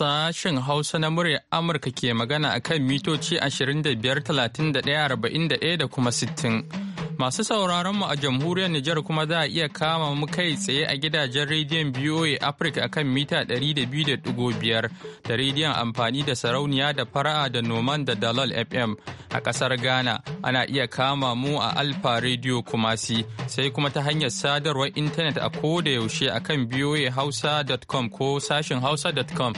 sashen Hausa na muryar Amurka ke magana a kan mitoci 25,31,41 da kuma 60. Masu sauraron mu a jamhuriyar Nijar kuma za a iya kama mu kai tsaye a gidajen rediyon BOA Africa kan mita 200.5 da rediyon amfani da sarauniya da fara'a da noman da dalal FM a kasar Ghana ana iya kama mu a Alfa Radio Kumasi sai kuma ta hanyar sadarwar intanet a koda yaushe akan kan Hausa.com ko sashin Hausa.com.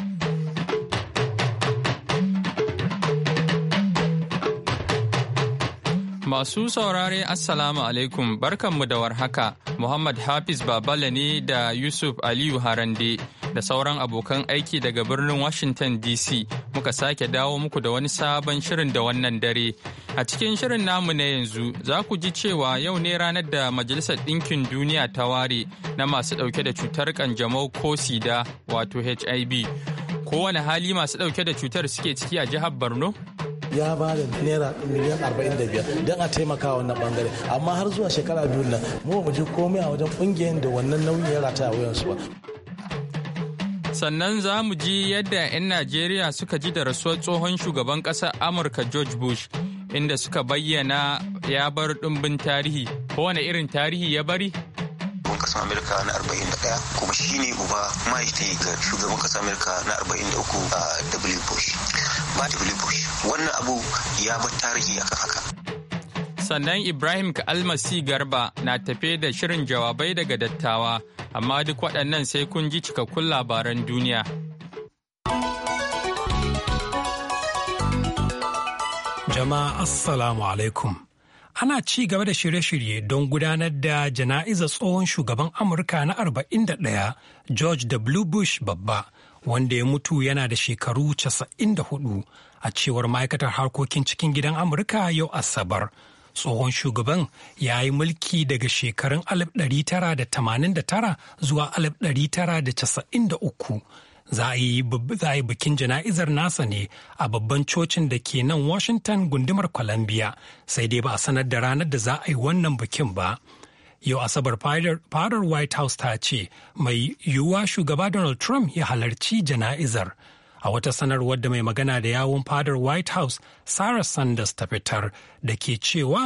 Masu saurare Assalamu alaikum barkanmu da warhaka Muhammad Hafiz Babala ne da Yusuf Aliyu Harande da sauran abokan aiki daga birnin Washington DC muka sake dawo muku da wani sabon shirin da wannan dare. A cikin shirin namu na yanzu za ku ji cewa yau ne ranar da Majalisar Ɗinkin Duniya ta ware na masu ɗauke da cutar kanjamau ko sida wato HIV. Kowane hali masu ɗauke da cutar suke ciki a jihar Borno ya ba da naira miliyan 45 don a taimaka wannan bangare amma har zuwa shekara biyu na mu mu ji komai a wajen kungiyar da wannan nauyin ya rata a wayansu ba sannan za mu ji yadda 'yan najeriya suka ji da rasuwar tsohon shugaban ƙasar amurka george bush inda suka bayyana ya bar ɗumbin tarihi kowane irin tarihi ya bari shugaban kasar amurka na 41 kuma shi ne uba mahaifi ga shugaban kasar amurka na 43 a w bush ba w bush wannan abu ya bar tarihi akan haka sannan Ibrahim ka Almasi Garba na tafe da shirin jawabai daga dattawa, amma duk waɗannan sai kun ji cikakkun labaran duniya. Jama'a Assalamu alaikum. ana ci gaba da shirye-shirye don gudanar da jana'izar tsohon shugaban amurka na 41 george w bush babba wanda ya mutu yana da shekaru 94 a cewar ma'aikatar harkokin cikin gidan amurka yau asabar tsohon shugaban ya yi mulki daga shekarun 1989 zuwa 1993 za a yi bikin jana'izar nasa ne a babban cocin da ke nan washington gundumar columbia sai dai ba a sanar da ranar da za a yi wannan bikin ba yau asabar fadar white house ta ce mai yiwuwa shugaba donald trump ya halarci jana'izar a wata sanarwar da mai magana da yawun fadar white house sarah sanders ta fitar da ke cewa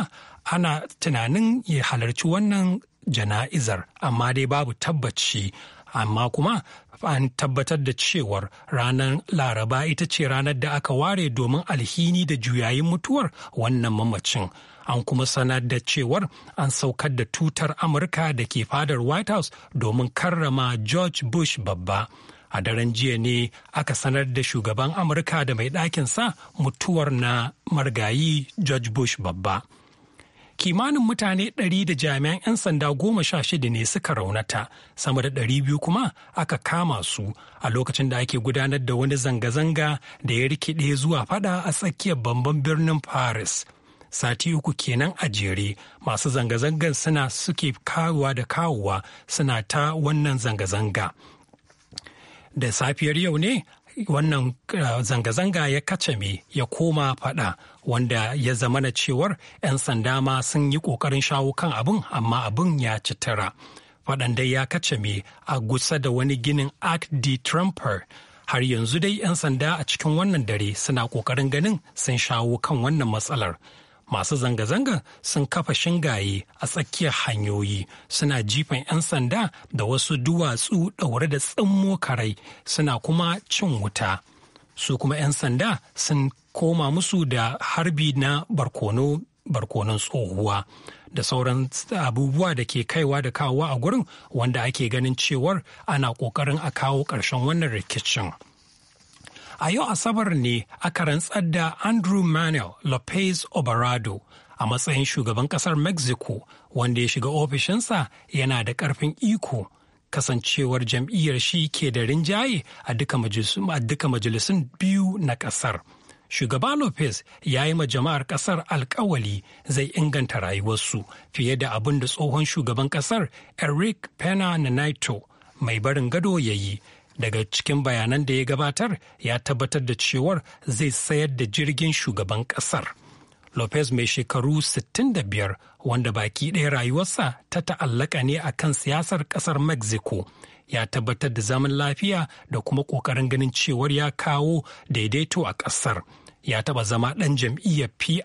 ana tunanin ya halarci wannan jana'izar amma dai babu tabbaci amma kuma an tabbatar da cewar ranar laraba ita ce ranar da aka ware domin alhini da juyayin mutuwar wannan mamacin an kuma sanar da cewar an saukar da tutar amurka da ke fadar white house domin karrama george bush babba a daren jiya ne aka sanar da shugaban amurka da mai sa mutuwar na margayi george bush babba kimanin mutane ɗari da jami'an 'yan sanda goma sha shida ne suka raunata sama da ɗari biyu kuma aka kama su a lokacin da ake gudanar da wani zanga-zanga da ya rikide zuwa fada a tsakiyar bamban birnin paris sati uku kenan a jere masu zanga zangan suna suke kawowa da kawowa suna ta wannan zanga-zanga da safiyar yau ne wannan eh, zanga-zanga ya kacame ya koma fada wanda ya zama na cewar 'yan sanda ma sun yi ƙoƙarin shawo kan abin amma abin ya ci tara. Faɗan dai ya kacame a gusa da wani ginin arc de Trumper har yanzu dai 'yan sanda a cikin wannan dare suna ƙoƙarin ganin sun shawo kan wannan matsalar. masu zanga zanga sun kafa shingaye a tsakiyar hanyoyi suna jifan 'yan sanda da wasu duwatsu ɗaure da tsammo karai suna kuma cin wuta su kuma 'yan sanda sun koma musu da harbi na barkono barkonon tsohuwa da sauran abubuwa da ke kaiwa da kawowa a gurin wanda ake ganin cewar ana ƙoƙarin a kawo ƙarshen wannan rikicin. A yau Asabar ne aka rantsar da Andrew Manuel Lopez Obarado a matsayin shugaban kasar Mexico wanda ya shiga ofishinsa yana da ƙarfin iko kasancewar jam'iyyar shi ke da rinjaye a duka majalisun biyu na kasar. Shugaba Lopez ya yi ma jama'ar kasar alkawali zai inganta rayuwarsu fiye da abin da tsohon shugaban kasar Eric Pena na Naito mai barin gado ya yi daga cikin bayanan da ya gabatar ya tabbatar da cewar zai sayar da jirgin shugaban kasar lopez mai shekaru 65 wanda baki ɗaya rayuwarsa ta ta'allaka ne a kan siyasar kasar mexico ya tabbatar da zaman lafiya da kuma ƙoƙarin ganin cewar ya kawo daidaito a ƙasar ya taɓa zama ɗan jam'iyyar pri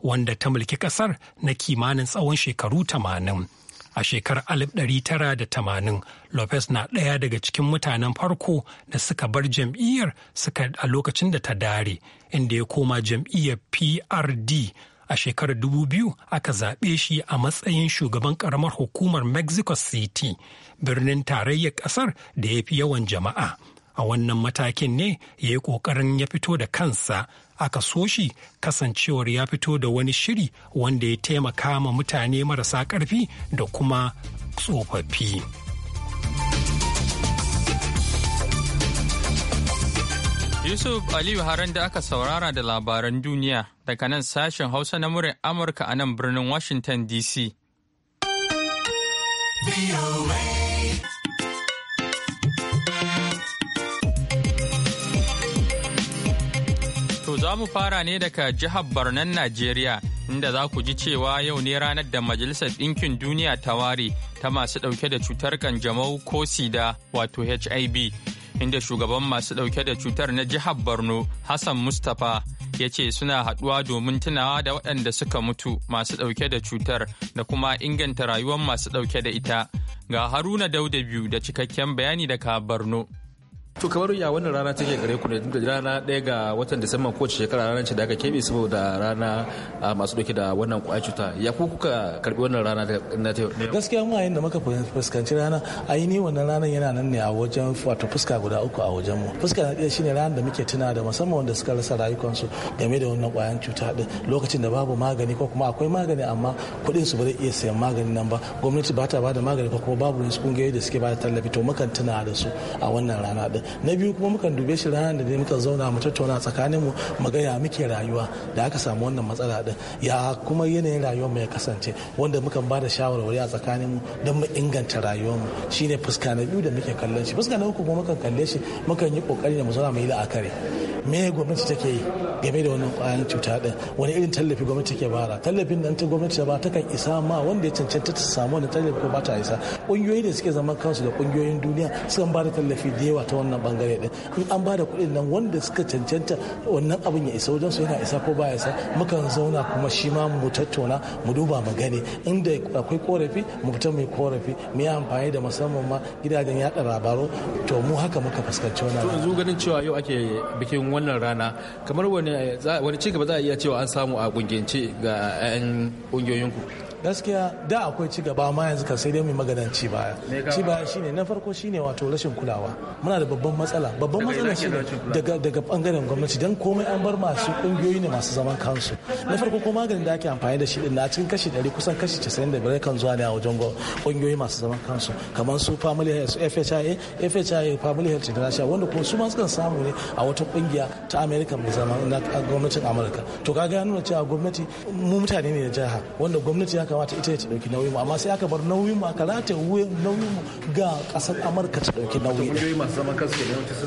wanda ta mulki ƙasar na kimanin tsawon shekaru 80 a shekarar 1980 lopez na ɗaya daga cikin mutanen farko da suka bar jam'iyyar suka a lokacin da ta dare inda ya koma jam'iyyar prd a shekarar 2000 aka zaɓe shi a matsayin shugaban ƙaramar hukumar mexico city birnin tarayyar ƙasar da ya fi yawan jama'a a wannan matakin ne ya yi ƙoƙarin ya fito da kansa aka so shi kasancewar ya fito da wani shiri wanda ya taimaka ma mutane marasa ƙarfi da kuma tsofaffi. Yusuf Aliyu Haran da aka saurara da labaran duniya daga nan sashen Hausa na murin Amurka a nan birnin Washington DC. To za mu fara ne daga jihar Barnan Najeriya inda za ku ji cewa yau ne ranar da Majalisar Ɗinkin Duniya ta ware ta masu ɗauke da cutar kanjamau ko sida wato HIV. Inda shugaban masu ɗauke da cutar na jihar Borno Hassan Mustapha ya ce suna haɗuwa domin tunawa da waɗanda suka mutu masu ɗauke da cutar da kuma inganta rayuwar masu ɗauke da ita. Ga Haruna Dauda biyu da cikakken bayani daga Borno. to kamar ya wannan rana take gare ku ne rana ɗaya ga watan disamba kowace shekara ranar ce da aka keɓe saboda rana masu ɗauke da wannan ƙwayar cuta ya ku kuka karɓi wannan rana na ta gaskiya mu yayin da muka fuskanci rana a yi ni wannan ranar yana nan ne a wajen wato fuska guda uku a wajen mu fuska na ɗaya shine ranar da muke tuna da musamman wanda suka rasa rayukansu game da wannan kwayan cuta din lokacin da babu magani ko kuma akwai magani amma kuɗin su ba zai iya sayan magani nan ba gwamnati ba ta ba da magani ko kuma babu wasu kungiyoyi da suke ba da tallafi to mukan tuna da su a wannan rana din na biyu kuma mukan dube shi ranar da dai muka zauna mu tattauna tsakanin mu mu ga ya muke rayuwa da aka samu wannan matsala din ya kuma yanayin rayuwar mu ya kasance wanda mukan bada da shawarwari a tsakanin mu don mu inganta rayuwar mu shine fuska na biyu da muke kallon shi fuska na uku kuma mukan kalle shi mukan yi kokari da mu zauna mu yi la'akari me gwamnati take yi game da wannan kwayan cuta din wani irin tallafi gwamnati take bara tallafin nan ta gwamnati ta ba isa ma wanda ya cancanta ta samu wani tallafi ko ba ta isa kungiyoyi da suke zaman kansu da kungiyoyin duniya sukan ba da tallafi da yawa ta wannan wannan bangare din in an ba da kuɗin nan wanda suka cancanta wannan abin ya isa wajen su yana isa ko baya isa mukan zauna kuma shi ma mu tattauna mu duba mu gani inda akwai korafi mu fita mu korafi mu yi amfani da musamman ma gidajen yaɗa labaru to mu haka muka fuskanci wannan to yanzu ganin cewa yau ake bikin wannan rana kamar wani wani cigaba za a iya cewa an samu a kungiyance ga 'yan kungiyoyinku gaskiya da akwai ci gaba ma yanzu ka sai dai mai maganan ci baya ci baya shine na farko shine wato rashin kulawa muna da babban matsala babban matsala shine daga daga bangaren gwamnati dan komai an bar masu kungiyoyi ne masu zaman kansu na farko ko maganin da ake amfani da shi din na cikin kashi 100 kusan kashi 95 kan zuwa ne a wajen kungiyoyi masu zaman kansu kamar su family health FHIA FHIA family health international wanda ko su ma suka samu ne a wata kungiya ta America mai zaman gwamnatin Amurka to kaga ya nuna cewa gwamnati mu mutane ne da jaha wanda gwamnati ya kamata ita ta dauki nauyin mu amma sai aka bar nauyin mu aka rata nauyin mu ga kasar amurka ta dauki nauyi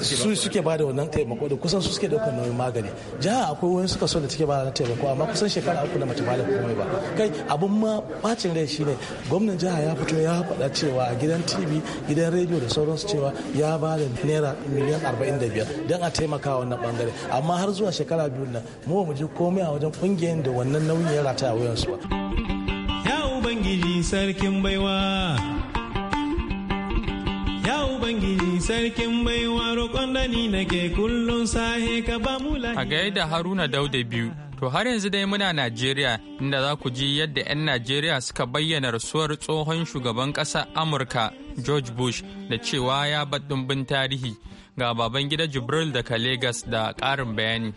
su suke ba da wannan taimako da kusan su suke daukar nauyin magani jiha akwai wani suka so da take ba da taimako amma kusan shekara uku na mata ba komai ba kai abun ma bacin rai shine gwamnan jiha ya fito ya faɗa cewa a gidan tv gidan rediyo da sauransu cewa ya ba da naira miliyan arba'in da biyar don a taimaka wannan bangare amma har zuwa shekara biyu nan mu mu ji komai a wajen kungiyar da wannan nauyin ya rataya wayansu ba. Ubangiji sarkin baiwa. Ya Ubangiji sarkin baiwa roƙon da ni nake kullum sahe ka ba mu A gaida Haruna Dauda biyu. To har yanzu dai muna Najeriya inda za ku ji yadda 'yan Najeriya suka bayyana rasuwar tsohon shugaban ƙasar Amurka George Bush da cewa ya baɗin tarihi ga baban gida Jibril daga Legas da ƙarin bayani.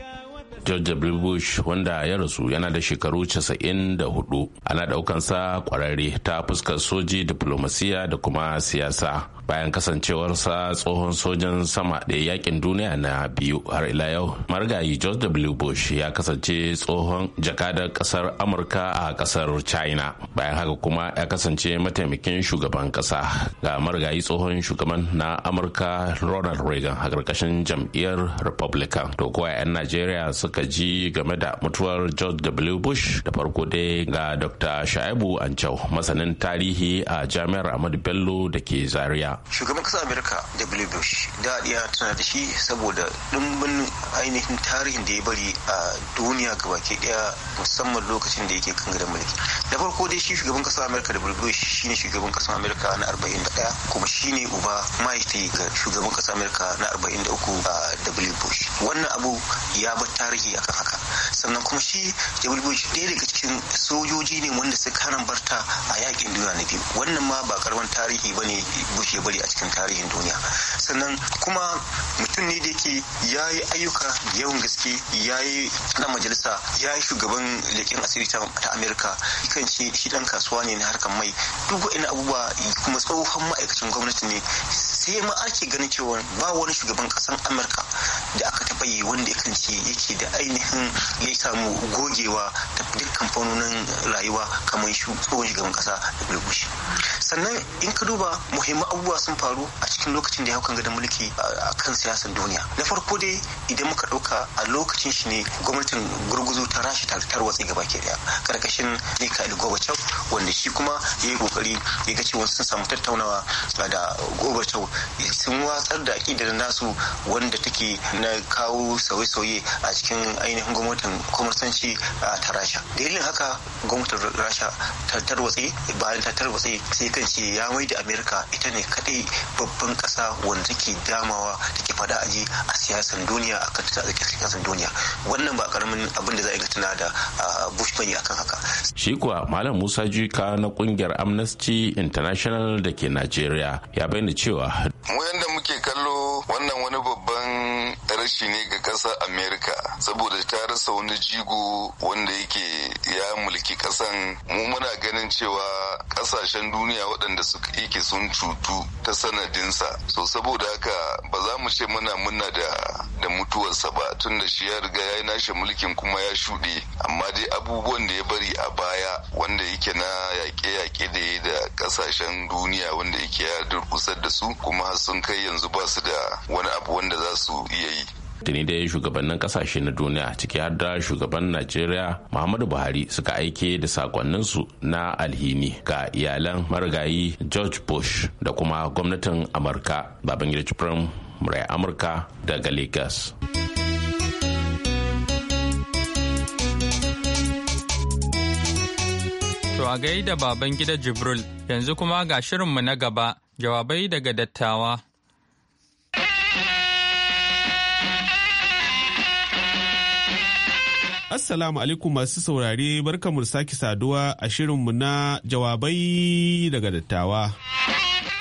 george w bush wanda ya rasu yana da shekaru 94 ana daukansa kwararre ta fuskar soji diplomasiya da kuma siyasa bayan kasancewarsa tsohon sojan sama da yakin duniya na biyu har ila yau marigayi george w bush ya kasance tsohon jakadar kasar amurka a kasar china bayan haka kuma ya kasance mataimakin shugaban kasa ga marigayi tsohon shugaban na amurka ronald reagan a karkashin jam'iyyar republican to kuwa 'yan najeriya suka ji game da mutuwar george w bush da farko dai ga dr shaibu ancau masanin tarihi a jami'ar ahmadu bello da ke zaria shugaban kasar Amirka w bush da iya tana da shi saboda ɗumbin ainihin tarihin da ya bari a duniya baki daya musamman lokacin da yake kan gidan mulki da farko dai shi shugaban kasar amerika w bush shine shugaban kasar amerika na 41 kuma shine uba mahaifi ga shugaban kasar Amirka na 43 a w bush wannan abu ya bar tarihi akan haka sannan kuma shi jabal bush ɗaya daga cikin sojoji ne wanda suka hana barta a yakin duniya na biyu wannan ma ba karban tarihi ba ne bush bari a cikin tarihin duniya sannan kuma mutum ne da yake ya yi ayyuka da yawan gaske ya yi ɗan majalisa ya yi shugaban leƙen asiri ta amerika kan shi ɗan kasuwa ne na harkar mai duk wa'in abubuwa kuma tsohon ma'aikacin gwamnati ne sai ma ake ganin cewa ba wani shugaban ƙasan amurka da aka mai wanda ya kanci yake da ainihin ya samu gogewa da dukkan fannonin rayuwa kamar shi tsohon shugaban kasa da gushi sannan in ka duba muhimman abubuwa sun faru a cikin lokacin da ya haukan gadon mulki a kan siyasar duniya na farko dai idan muka ɗauka a lokacin shi ne gwamnatin gurguzu ta rashi watsi gaba ke daya karkashin mikhail gorbachev wanda shi kuma ya yi kokari ya ga cewa sun samu tattaunawa da gorbachev sun watsar da aƙidar nasu wanda take na kawo kawo sauye-sauye a cikin ainihin gwamnatin a ah, ta rasha dalilin haka gwamnatin rasha ta tarwatse bayan ta tarwatse sai kan ce ya mai da amerika ita ne kadai babban kasa wanda take damawa take fada aji a siyasan duniya a kan siyasan duniya wannan ba karamin abin da za a tuna da ah, bush bane akan haka shi kuwa malam musa jika na kungiyar amnesty international da ke nigeria ya bayyana cewa mu yanda muke kallo wannan wani babban rashi ne ga ƙasar amerika saboda ta rasa wani jigo wanda yake ya mulki kasan mu muna ganin cewa ƙasashen duniya waɗanda suka yake sun cutu ta sanadinsa so saboda haka ba za mu ce muna muna da da mutuwarsa ba tun da shi ya riga ya yi nashi mulkin kuma ya shuɗe amma dai abubuwan da ya bari a baya wanda yake na yaƙe-yaƙe da ya da ƙasashen duniya wanda yake ya durkusar da su kuma har sun kai yanzu ba su da wani abu wanda za su iya yi tuni dai shugabannin kasashe na duniya ciki har da shugaban najeriya muhammadu buhari suka aike da sakonninsu na alhini ga iyalan marigayi george bush da kuma gwamnatin amurka babangida cifran murai amurka daga lagos To a gaida baban gida Jibril yanzu kuma ga shirinmu na gaba jawabai daga dattawa Assalamu alaikum masu saurare barkamu sake saduwa a shirinmu na jawabai daga dattawa.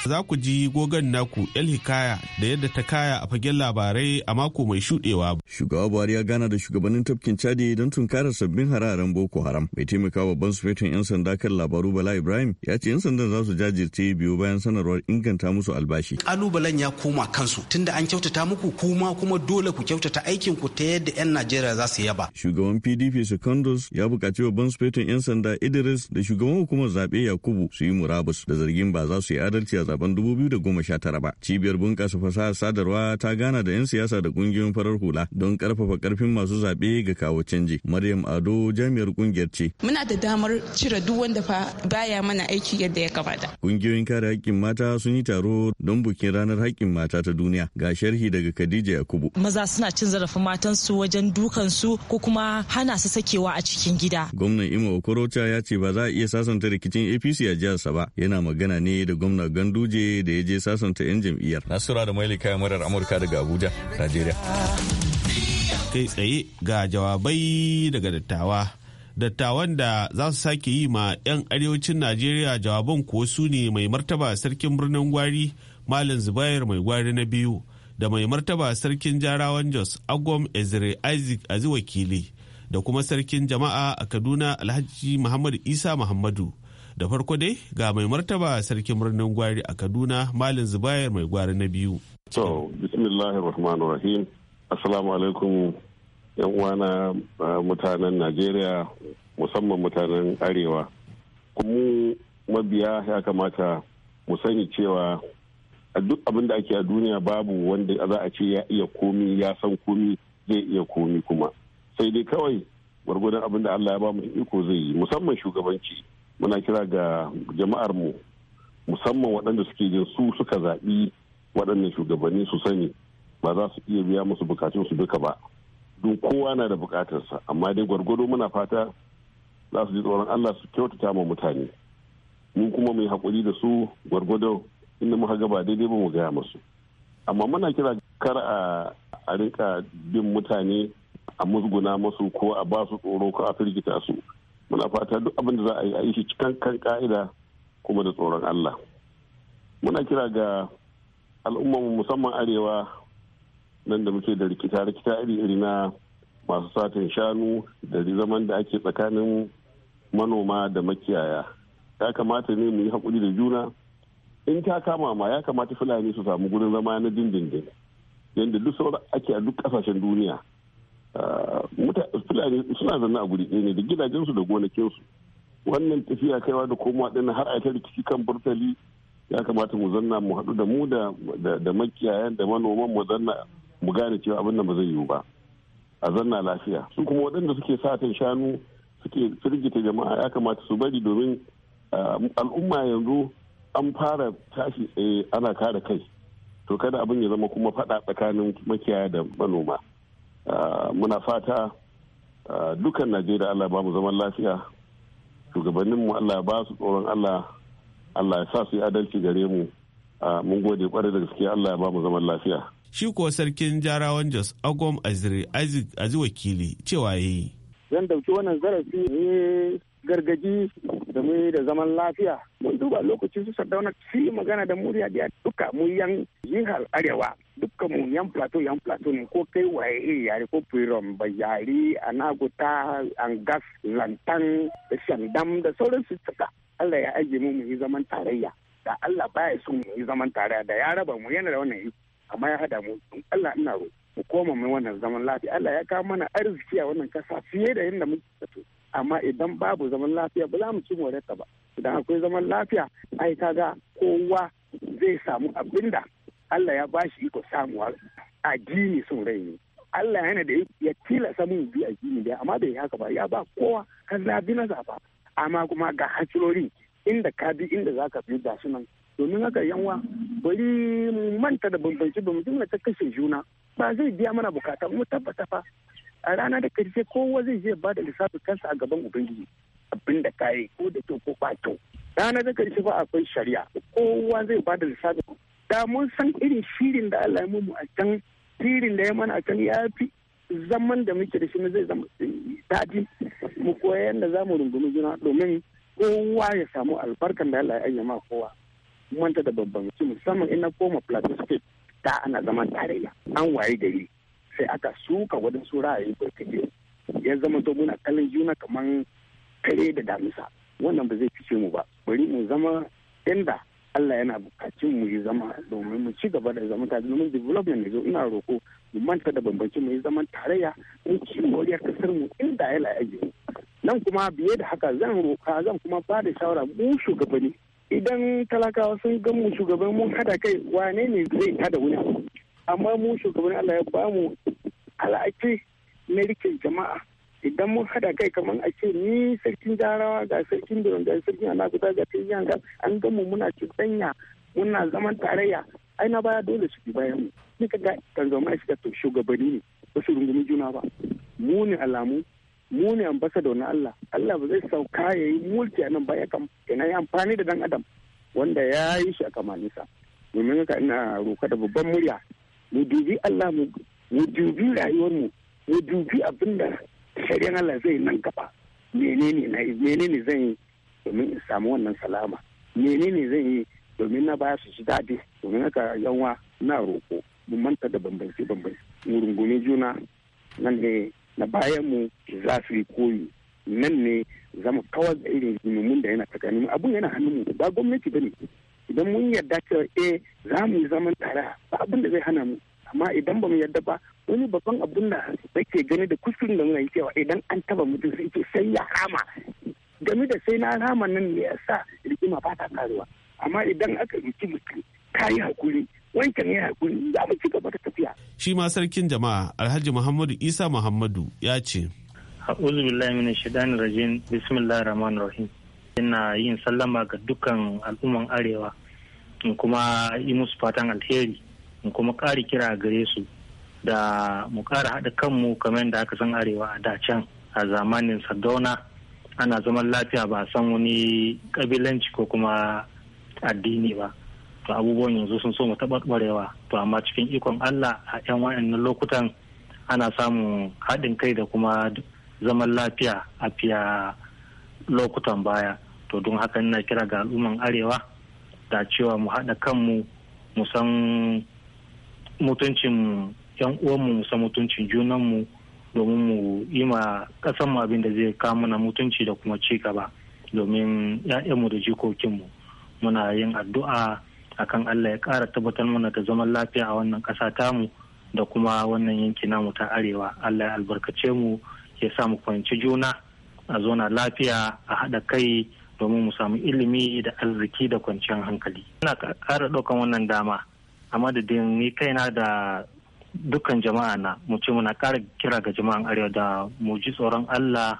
za ku ji gogon naku 'Yan Hikaya da yadda ta kaya a fagen labarai a mako mai shudewa. Shugaba Buhari ya gana da shugabannin tafkin Chadi don tunkarar sabbin hararen Boko Haram. Mai taimaka babban sufetin 'yan sanda kan labaru Bala Ibrahim ya ce 'yan sandan za su jajirce biyu bayan sanarwar inganta musu albashi. Kalubalen ya koma kansu tunda an kyautata muku kuma kuma dole ku kyautata aikin ku ta yadda 'yan Najeriya za su yaba. Shugaban PDP Secondus ya buƙaci babban sufetin 'yan sanda Idris da shugaban hukumar zaɓe Yakubu su yi murabus da zargin ba za su yi adalci a zaben 2019 ba. Cibiyar bunƙasa fasahar sadarwa ta gana da 'yan siyasa da ƙungiyoyin farar hula don ƙarfafa ƙarfin masu zaɓe ga kawo canji. Maryam Ado jami'ar ƙungiyar ce. Muna da damar cire duk wanda fa baya mana aiki yadda ya kamata. Ƙungiyoyin kare haƙƙin mata sun yi taro don bukin ranar haƙƙin mata ta duniya. Ga sharhi daga Khadija Yakubu. Maza suna cin zarafin matan su wajen dukansu ko kuma hana su sakewa a cikin gida. Gwamnan Imo Okorocha ya ce ba za a iya sasanta rikicin APC a jihar ba. Yana magana ne da gwamna Gandu Ganduje da ya je sasanta 'yan jam'iyyar. Nasura da Maili kayan murar Amurka daga Abuja, Najeriya. Kai tsaye ga jawabai daga dattawa. Dattawan da za su sake yi ma 'yan arewacin Najeriya jawaban ko su ne mai martaba sarkin birnin gwari Malam Zubair mai gwari na biyu da mai martaba sarkin jarawan Jos Agwam Ezra Isaac Aziwakili da kuma sarkin jama'a a Kaduna Alhaji muhammadu Isa Muhammadu. da farko dai ga mai martaba sarkin birnin gwari a kaduna malin zubayar mai gwari na biyu so bismillahir rahmanir rahim assalamu alaikum yan uwana mutanen najeriya musamman mutanen arewa kuma mabiya ya kamata mu sani cewa a duk abin da ake a duniya babu wanda za a ce ya iya komi ya san komi zai iya komi kuma sai dai kawai gwargwadon abin da allah ya ba mu iko zai yi musamman shugabanci muna kira ga jama'ar mu musamman waɗanda suke jin su suka zaɓi waɗannan shugabanni su sani ba za su iya biya musu bukatun su duka ba don kowa na da bukatarsa amma dai gwargwado muna fata za su ji tsoron Allah su kyautata ma mutane mun kuma mai yi haƙuri da su gwargwado inda muka gaba daidai ba mu gaya musu amma muna kira kar a rinka bin mutane a musguna musu ko a ba su tsoro ko a firgita su muna fata duk abin da za a yi a shi cikin kan ka'ida kuma da tsoron Allah muna kira ga al'ummar musamman arewa nan da muke da rikita-rikita iri-iri na masu satin shanu da zaman da ake tsakanin manoma da makiyaya ya kamata ne mu yi haƙuri da juna in ta kama ma ya kamata fulani su samu gurin zama na dindindin yadda duk sauran ake a duk ƙasashen duniya fulani suna zanna a guri ɗaya ne da gidajensu da gonakinsu wannan tafiya kaiwa da komowa ɗin har a ta rikici kan burtali ya kamata mu zanna mu haɗu da mu da makiyayan da manoman mu zanna mu gane cewa abin da ba zai yiwu ba a zanna lafiya su kuma waɗanda suke satan shanu suke firgita jama'a ya kamata su bari domin al'umma yanzu an fara tashi tsaye ana kare kai to kada abin ya zama kuma faɗa tsakanin makiyaya da manoma Ah, muna fata ah, dukan najeriya allah ba mu zaman lafiya shugabanninmu allah ba su tsoron allah allah ya sa su yi adalci gare mu ah, mun gode kwarai da gaske allah ya ba mu zaman lafiya shi kuwa sarkin jarawan jos agom azir aziz wakili cewa ya yi zan dauki wannan zarafi ne gargaji da mu da zaman lafiya mun duba lokacin su sardauna su yi magana da murya da duka mu yan jihar arewa dukkan mu yan plateau yan plateau ne ko kai waye iri eh, yare ko firon bayari anaguta angas lantan da shandam da su tsaka allah ya ajiye mu mu yi zaman tarayya da allah baya so mu yi zaman tarayya da ya raba mu yana da wannan iko amma ya hada mu allah ina ro mu koma mai wannan zaman lafiya Allah ya kawo mana arziki a wannan kasa fiye da yadda muke zato amma idan babu zaman lafiya ba za mu ci morarta ba idan akwai zaman lafiya ai kaga kowa zai samu abinda Allah ya bashi iko samuwa addini sun rai ne Allah yana da ya tilasa mun bi addini da amma bai haka ba ya ba kowa kan zabi na zaba amma kuma ga hasilori inda ka bi inda zaka bi da nan domin haka yanwa bari mu manta da bambanci domin da ta kashe juna ba zai biya mana bukata mu tabbata fa a rana da karshe kowa zai je ba da lissafin kansa a gaban ubangiji abin da kaye ko da kyau ko ba kyau rana da karshe ba akwai shari'a kowa zai ba da lissafin da mun san irin shirin da Allah ya mu a can shirin da ya mana a can ya fi zaman da muke da shi mu zai zama daɗi mu koya yadda za mu rungumi juna domin kowa ya samu albarkan da Allah ya ayyama kowa manta da babban mutum musamman ina koma plateau state da ana zaman tarayya an waye gari sai aka suka waɗansu ra'ayi barkaje ya zama to muna kallon juna kamar kare da damisa wannan ba zai fice mu ba bari mu zama inda Allah yana bukacin mu yi zama domin mu ci gaba da zama tare domin development ne zo ina roko mu manta da bambanci mu yi zama tarayya in ci moriyar kasar mu inda ya la'aji nan kuma biye da haka zan roka zan kuma ba da shawara mu shugabanni idan talakawa sun gan mu shugaban mun kada kai wane ne zai kada wuni amma mu shugaban Allah ya ba mu al'aki na rikin jama'a idan mun hada kai kamar a ce ni sarkin jarawa ga sarkin birnin ga sarkin guda ga kai ga an mu muna cuɗanya muna zaman tarayya ai na baya dole su bi bayan mu ni kaga zama shi da shugabanni ne ba su rungumi juna ba mu ne alamu mu ne ambassador na Allah Allah ba zai sauka ya yi mulki a nan ba ya yi amfani da dan adam wanda ya yi shi a kamaninsa domin ka ina roka da babban murya mu dubi Allah mu dubi rayuwarmu mu dubi abin da shari'an Allah zai nan gaba menene na menene zan yi domin in samu wannan salama menene zan yi domin na ba su ji daɗi domin haka yanwa na roko mu manta da bambance bambance mu rungume juna nan ne na bayan mu za su yi koyi nan ne zama kawar da irin mummun da yana tsakanin abun yana hannun mu ba gwamnati bane idan mun yarda cewa eh za mu yi zaman tare ba abin da zai hana mu amma idan ba mu yarda ba wani babban abin da nake gani da kuskuren da muna yi cewa idan an taba mutum sai ce sai ya rama game da sai na rama nan ne ya sa rigima ba ta karuwa amma idan aka yi mutum ka yi hakuri wancan ya hakuri za mu ci gaba da tafiya. shi ma sarkin jama'a alhaji muhammadu isa muhammadu ya ce. a'udhu billahi minash shaitanir rajim bismillahir rahmanir rahim ina yin sallama ga dukkan al'umman arewa in kuma yi musu fatan alheri in kuma ƙari kira gare su da mu ƙara haɗa kanmu kamar da aka san arewa a da can a zamanin sardauna ana zaman lafiya ba a san wani ƙabilanci ko kuma addini ba to abubuwan yanzu sun so mu ɓarewa to amma cikin ikon allah a 'yan wa'annan lokutan ana samun haɗin kai da kuma zaman lafiya a fiya lokutan baya to don haka na kira ga al'umman arewa da cewa mu haɗa kanmu mu san mutuncin yan uwanmu mu san mutuncin junanmu domin mu yi ma mu abin da zai kawo mana mutunci da kuma ci gaba domin 'ya'yanmu da jikokinmu muna yin addu'a akan Allah ya ƙara tabbatar mana da zaman lafiya a wannan ƙasa tamu da kuma wannan yanki namu ta arewa Allah ya albarkace mu ya sa mu fahimci juna a zona lafiya a haɗa kai domin mu samu ilimi da arziki da kwanciyar hankali ina kara ɗaukan wannan dama a madadin ni kaina da dukkan jama'a na mu ce muna kara kira ga jama'an arewa da mu ji tsoron allah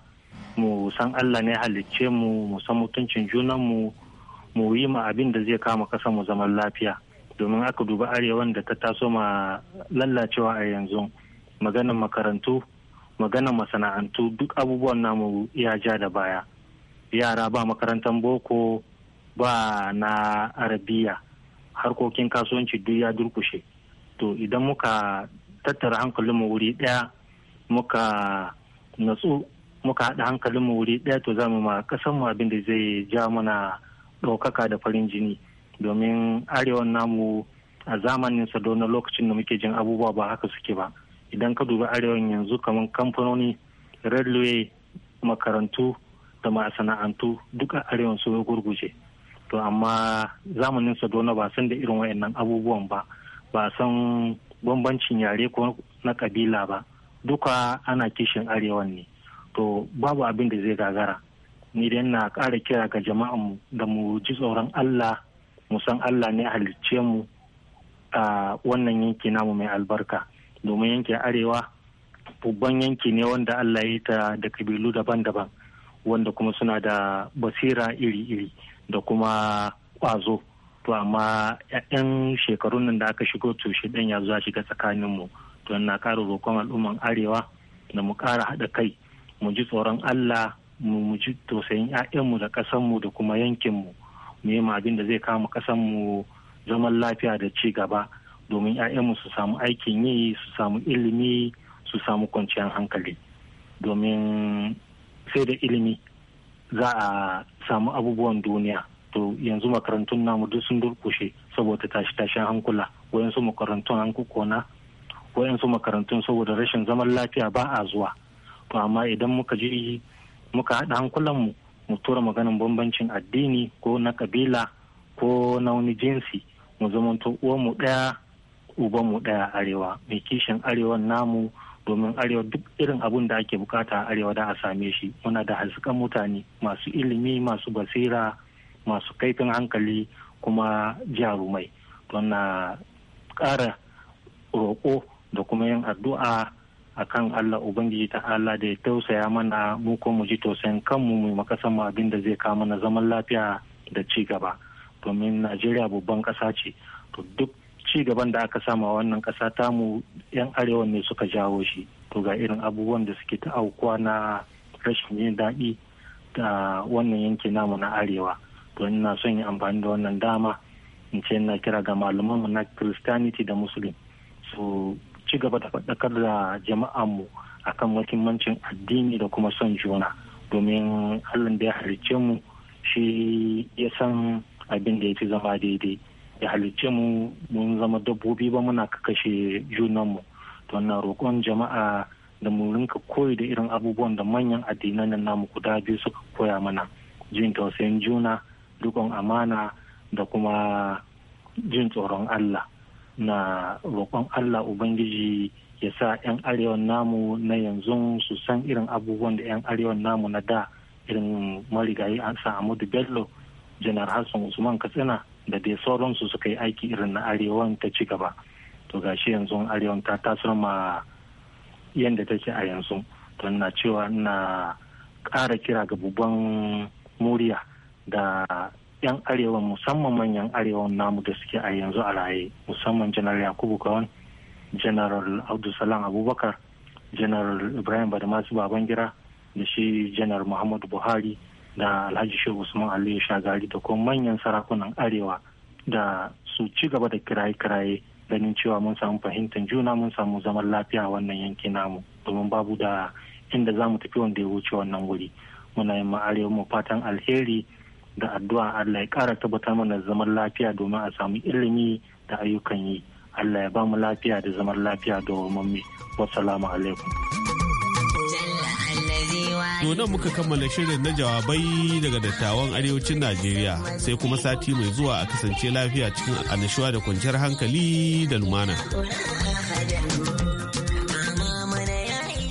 mu san allah ne halicce mu mu san mutuncin junan mu mu yi ma abin da zai kama ƙasar mu zaman lafiya domin aka duba arewan da ta taso ma lallacewa a yanzu maganin makarantu maganan masana'antu duk abubuwan namu ya ja da baya yara ba makarantar boko ba na arabiya harkokin kasuwanci duk ya durkushe to idan muka tattara hankalinmu wuri daya muka natsu muka haɗa hankalinmu wuri daya to za mu ma mu abin da zai ja mana ɗaukaka da farin jini domin arewan namu a zamanin na lokacin da muke jin abubuwa ba haka suke ba idan ka dubi arewan yanzu kamar kamfanoni railway makarantu da masana'antu duk a arewan su ya gurguje to amma zamanin sadona ba san da irin wayannan abubuwan ba ba san bambancin yare ko na kabila ba duka ana kishin arewan ne to babu abin da zai gagara ni dai na ƙara kira ga jama'an mu da mu ji tsoron allah mu san allah ne halicce mu a wannan yanki namu mai albarka domin yankin arewa babban yanki ne wanda allah ya yi ta da kabilu daban-daban wanda kuma suna da basira iri-iri da kuma ƙwazo to amma 'yan shekarun nan da aka shigo to shi ɗan ya zuwa shiga tsakanin mu to na ƙara roƙon al'umman arewa da mu ƙara haɗa kai mu ji tsoron allah mu ji tausayin 'ya'yanmu da mu da kuma yankin mu mu yi abin da zai kama mu zaman lafiya da ci gaba domin 'ya'yanmu su samu aikin yi su samu ilimi su samu kwanciyar hankali domin sai da ilimi za a samu abubuwan duniya to yanzu makarantun namu duk sun durkushe saboda tashi tashin hankula wayansu makarantun an kukona wayansu makarantun saboda rashin zaman lafiya ba a zuwa to amma idan muka ji muka haɗa hankulanmu mu tura maganin bambancin addini ko na kabila ko na wani jinsi mu zamanto uwanmu ɗaya mu ɗaya arewa mai kishin arewan namu domin arewa duk irin abun da ake bukata a arewa da a same shi muna da haskan mutane masu ilimi masu basira masu kaifin hankali kuma jarumai don na kara roƙo da kuma yin addu'a a kan Allah Ubangiji ta Allah da ya tausaya mana mu ko mu ji tausayin kanmu mu makasan mu abin da zai kama na zaman lafiya da ci gaba domin Najeriya babban ƙasa ce to duk ci gaban da aka sama wannan ƙasa tamu 'yan arewa ne suka jawo shi to ga irin abubuwan da suke ta aukuwa na rashin yin daɗi da wannan yanki namu na arewa to ina son yi amfani da wannan dama in ce na kira ga malamanmu na christianity da muslim su ci gaba da faɗakar da jama'an mu akan muhimmancin addini da kuma son juna domin allah da ya halicce mu shi ya san abin da ya fi zama daidai ya halicce mu mun zama dabbobi ba muna kashe junanmu to na roƙon jama'a da mu rinka koyi da irin abubuwan da manyan addinan nan namu guda biyu suka koya mana jin tausayin juna rikon amana da kuma jin tsoron Allah na roƙon Allah Ubangiji ya sa 'yan arewan namu na yanzu su san irin abubuwan da 'yan arewan namu na da irin marigayi a sa Amadu Bello janar Hassan Usman Katsina da dai sauransu suka yi aiki irin na arewan ta ci gaba to gashi yanzu arewan ta tasar ma yadda take a yanzu to na cewa na ƙara kira ga babban muriya da 'yan arewa musamman manyan arewan namu da suke a yanzu a raye musamman janar yakubu kawan janar abdulsalam abubakar janar ibrahim badamasu babangira da shi janar muhammadu buhari da alhaji shehu usman aliyu shagari da kuma manyan sarakunan arewa da su ci gaba da kiraye-kiraye ganin cewa mun samu fahimtar juna mun samu zaman lafiya a wannan yanki namu domin babu da inda za mu tafi wanda ya wuce wannan wuri muna yin ma arewa mu fatan alheri da addu'a allah ya kara tabbatar mana zaman lafiya domin a samu ilimi da ayyukan yi allah ya ba mu lafiya da zaman lafiya domin mu wassalamu alaikum To nan muka kammala shirin na jawabai daga dattawan arewacin Najeriya sai kuma sati mai zuwa a kasance lafiya cikin annashuwa da kwanciyar hankali da lumana.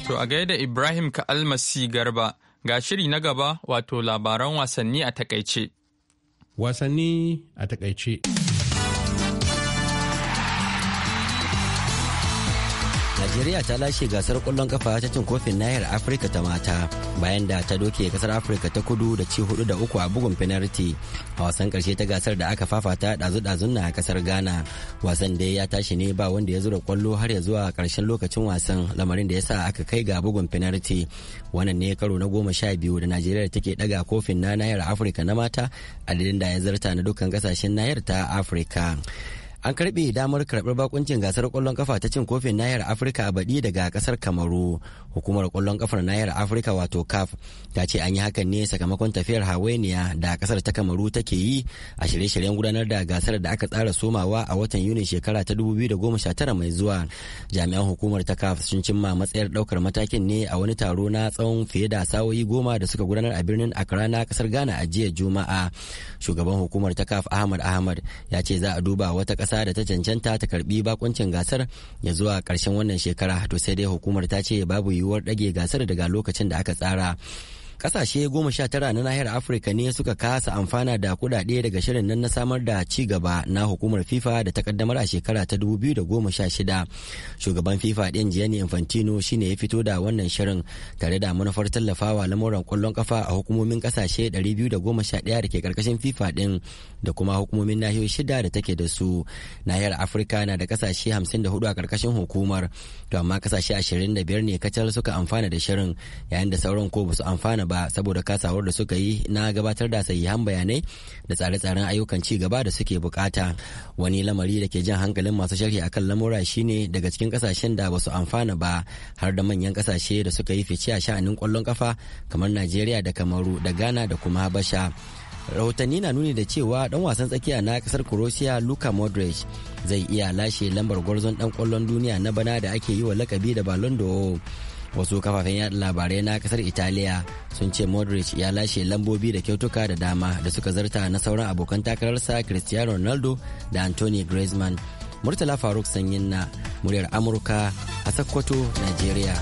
To a gaida Ibrahim ka Almasi Garba ga shiri na gaba wato labaran wasanni a takaice. Wasanni a takaice. najeriya ta lashe gasar kwallon kafa ta cin kofin nahiyar afirka ta mata bayan da ta doke kasar afirka ta kudu da ci hudu da uku a bugun penalty a wasan karshe ta gasar da aka fafata dazu-dazun na kasar ghana wasan da ya tashi ne ba wanda ya zura kwallo har ya zuwa karshen lokacin wasan lamarin da ya sa aka kai ga bugun penalty wannan ne karo na goma sha biyu da najeriya take daga kofin na nahiyar afirka na mata a da ya zarta na dukkan kasashen nahiyar ta afirka an karbe damar karbar bakuncin gasar kwallon kafa ta cin kofin nahiyar afirka a baɗi daga kasar kamaru hukumar kwallon kafar nahiyar afirka wato caf ta ce an yi hakan ne sakamakon tafiyar hawainiya da kasar ta kamaru take yi a shirye-shiryen gudanar da gasar da aka tsara somawa a watan yuni shekara ta da goma sha tara mai zuwa jami'an hukumar ta caf sun cimma matsayar ɗaukar matakin ne a wani taro na tsawon fiye da sawoyi goma da suka gudanar a birnin accra na kasar ghana a jiya juma'a shugaban hukumar ta caf ahmad ahmad ya ce za a duba wata kasa ƙasa da ta cancanta ta karbi bakuncin gasar ya zuwa ƙarshen wannan shekara to sai dai hukumar ta ce babu yiwuwar ɗage gasar daga lokacin da aka tsara kasashe goma sha tara na nahiyar afirka ne suka kasa amfana da kudade daga shirin nan na samar da ci gaba na hukumar fifa da ta kaddamar a shekara ta 2016 shugaban fifa ɗin jiyani infantino shine ya fito da wannan shirin tare da manufar tallafawa lamuran kwallon kafa a hukumomin kasashe 211 da ke karkashin fifa ɗin da kuma hukumomin nahiyoyi shida da take da su nahiyar afirka na da kasashe 54 a karkashin hukumar to amma kasashe ashirin 25 ne kacal suka amfana da shirin yayin da sauran ko ba su amfana ba ba saboda kasawar da suka yi na gabatar da sahihan bayanai da tsare-tsaren ayyukan ci gaba da suke bukata wani lamari da ke jan hankalin masu sharhi akan lamura shine daga cikin kasashen da ba su amfana ba har da manyan kasashe da suka yi fice a sha'anin kwallon kafa kamar najeriya da kamaru da ghana da kuma habasha rahotanni na nuni da cewa dan wasan tsakiya na kasar croatia luka modric zai iya lashe lambar gwarzon dan kwallon duniya na bana da ake yi wa lakabi da ballon d'or wasu kafafen yada labarai na kasar italiya sun ce modric ya lashe lambobi da kyautuka da dama da suka zarta na sauran abokan takararsa cristiano ronaldo da anthony griezmann murtala faruk sanyin na muryar amurka a sakkwato nigeria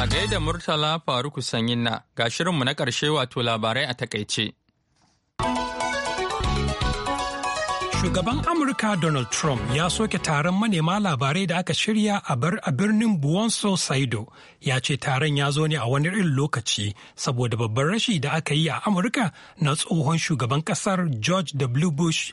a gaida murtala faruk sanyin na ga shirinmu na ƙarshe wato labarai a takaice Shugaban Amurka Donald Trump ya soke taron manema labarai da aka shirya a bar a birnin Buwonso Saido ya ce taron ya zo ne a wani irin lokaci saboda babban rashi da aka yi a Amurka na tsohon shugaban kasar George W. Bush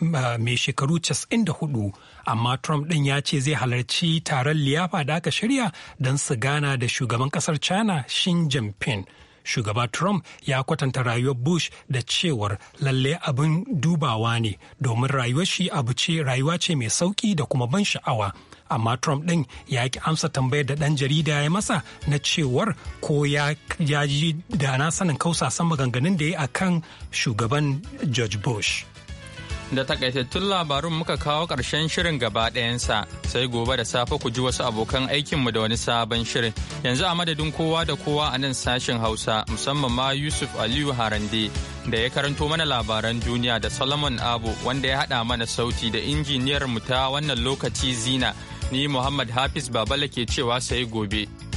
mai shekaru 94 amma Trump ɗin ya ce zai halarci taron liyafa da aka shirya don su gana da shugaban kasar China Xi Jinping. shugaba Trump ya kwatanta rayuwar Bush da cewar lalle abin dubawa ne domin rayuwar shi abu ce rayuwa ce mai sauki da kuma ban sha'awa. Amma Trump ɗin ya ki amsa tambayar da ɗan jarida ya masa na cewar ko ya ji da na sanin sama maganganun da ya yi akan shugaban George Bush. Da takaitattun labarun muka kawo ƙarshen shirin gaba ɗayansa sai gobe da safe ku ji wasu abokan aikinmu da wani sabon shirin. Yanzu a madadin kowa da kowa a nan sashen Hausa musamman ma Yusuf Aliyu Harande da ya karanto mana labaran duniya da Solomon Abu wanda ya haɗa mana sauti da injiniyar mu ta wannan lokaci Zina. Ni Muhammad Hafiz Babala ke cewa sai gobe.